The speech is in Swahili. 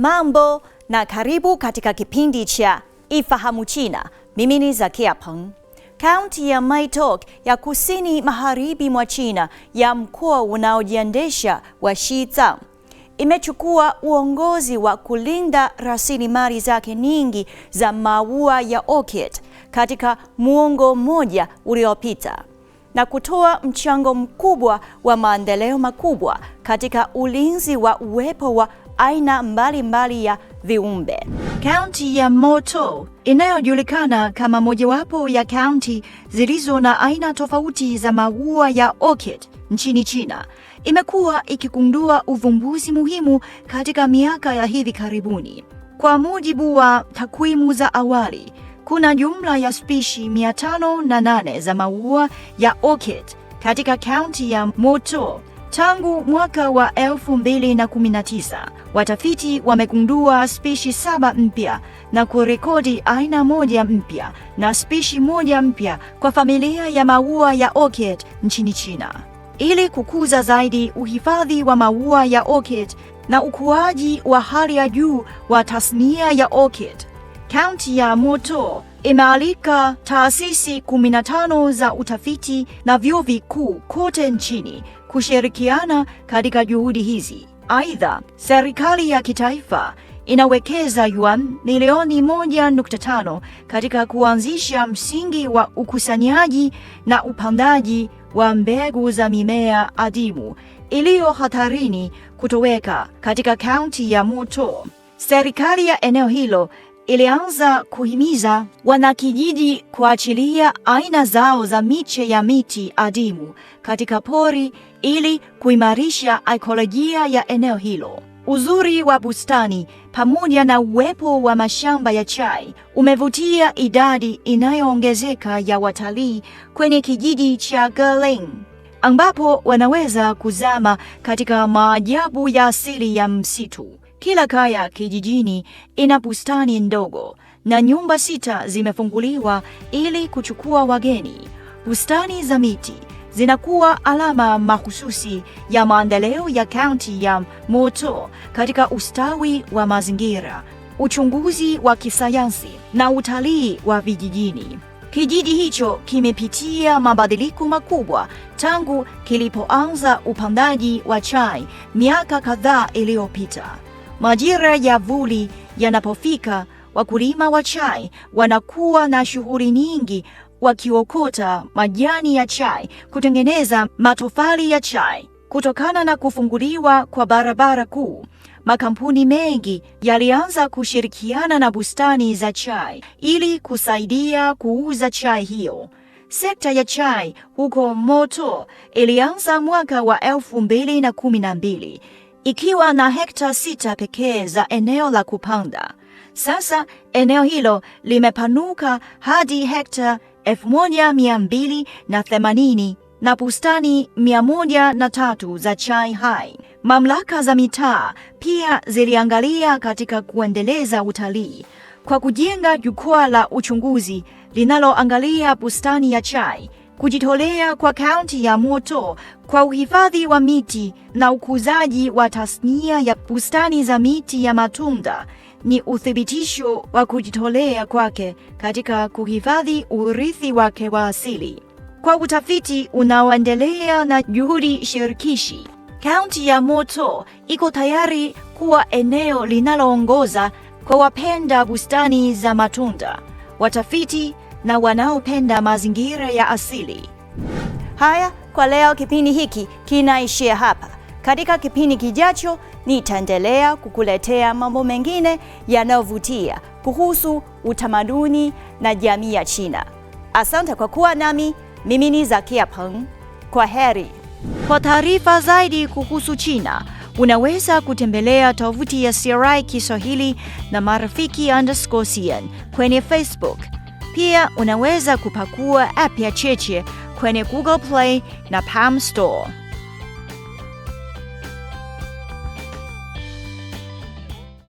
Mambo na karibu katika kipindi cha Ifahamu China. Mimi ni Zakia Peng. Kaunti ya Maitok ya kusini magharibi mwa China ya mkoa unaojiendesha wa Xizang imechukua uongozi wa kulinda rasilimali zake nyingi za maua ya orchid katika muongo mmoja uliopita na kutoa mchango mkubwa wa maendeleo makubwa katika ulinzi wa uwepo wa aina mbalimbali mbali ya viumbe. Kaunti ya Moto inayojulikana kama mojawapo ya kaunti zilizo na aina tofauti za maua ya orchid nchini China imekuwa ikigundua uvumbuzi muhimu katika miaka ya hivi karibuni. Kwa mujibu wa takwimu za awali, kuna jumla ya spishi 508 za maua ya orchid katika kaunti ya Moto Tangu mwaka wa 2019 watafiti wamegundua spishi saba mpya na kurekodi aina moja mpya na spishi moja mpya kwa familia ya maua ya orchid nchini China. Ili kukuza zaidi uhifadhi wa maua ya orchid na ukuaji wa hali ya juu wa tasnia ya orchid, kaunti ya Moto imealika taasisi 15 za utafiti na vyuo vikuu kote nchini kushirikiana katika juhudi hizi. Aidha, serikali ya kitaifa inawekeza yuan milioni 1.5 katika kuanzisha msingi wa ukusanyaji na upandaji wa mbegu za mimea adimu iliyo hatarini kutoweka katika kaunti ya Moto. Serikali ya eneo hilo ilianza kuhimiza wanakijiji kuachilia aina zao za miche ya miti adimu katika pori ili kuimarisha ekolojia ya eneo hilo. Uzuri wa bustani pamoja na uwepo wa mashamba ya chai umevutia idadi inayoongezeka ya watalii kwenye kijiji cha Gerling ambapo wanaweza kuzama katika maajabu ya asili ya msitu. Kila kaya kijijini ina bustani ndogo na nyumba sita zimefunguliwa ili kuchukua wageni. Bustani za miti zinakuwa alama mahususi ya maendeleo ya kaunti ya Moto katika ustawi wa mazingira, uchunguzi wa kisayansi na utalii wa vijijini. Kijiji hicho kimepitia mabadiliko makubwa tangu kilipoanza upandaji wa chai miaka kadhaa iliyopita. Majira ya vuli yanapofika, wakulima wa chai wanakuwa na shughuli nyingi, wakiokota majani ya chai kutengeneza matofali ya chai. Kutokana na kufunguliwa kwa barabara kuu, makampuni mengi yalianza kushirikiana na bustani za chai ili kusaidia kuuza chai hiyo. Sekta ya chai huko Moto ilianza mwaka wa elfu mbili na kumi na mbili ikiwa na hekta sita pekee za eneo la kupanda. Sasa eneo hilo limepanuka hadi hekta 1280 na bustani 103 za chai hai. Mamlaka za mitaa pia ziliangalia katika kuendeleza utalii kwa kujenga jukwaa la uchunguzi linaloangalia bustani ya chai kujitolea kwa kaunti ya Moto kwa uhifadhi wa miti na ukuzaji wa tasnia ya bustani za miti ya matunda ni uthibitisho wa kujitolea kwake katika kuhifadhi urithi wake wa asili. Kwa utafiti unaoendelea na juhudi shirikishi, kaunti ya Moto iko tayari kuwa eneo linaloongoza kwa wapenda bustani za matunda, watafiti na wanaopenda mazingira ya asili. Haya kwa leo, kipindi hiki kinaishia hapa. Katika kipindi kijacho, nitaendelea kukuletea mambo mengine yanayovutia kuhusu utamaduni na jamii ya China. Asante kwa kuwa nami. Mimi ni Zakia Peng, kwa heri. Kwa taarifa zaidi kuhusu China unaweza kutembelea tovuti ya CRI Kiswahili na marafiki underscore cn kwenye Facebook. Pia unaweza kupakua app ya Cheche kwenye Google Play na Palm Store.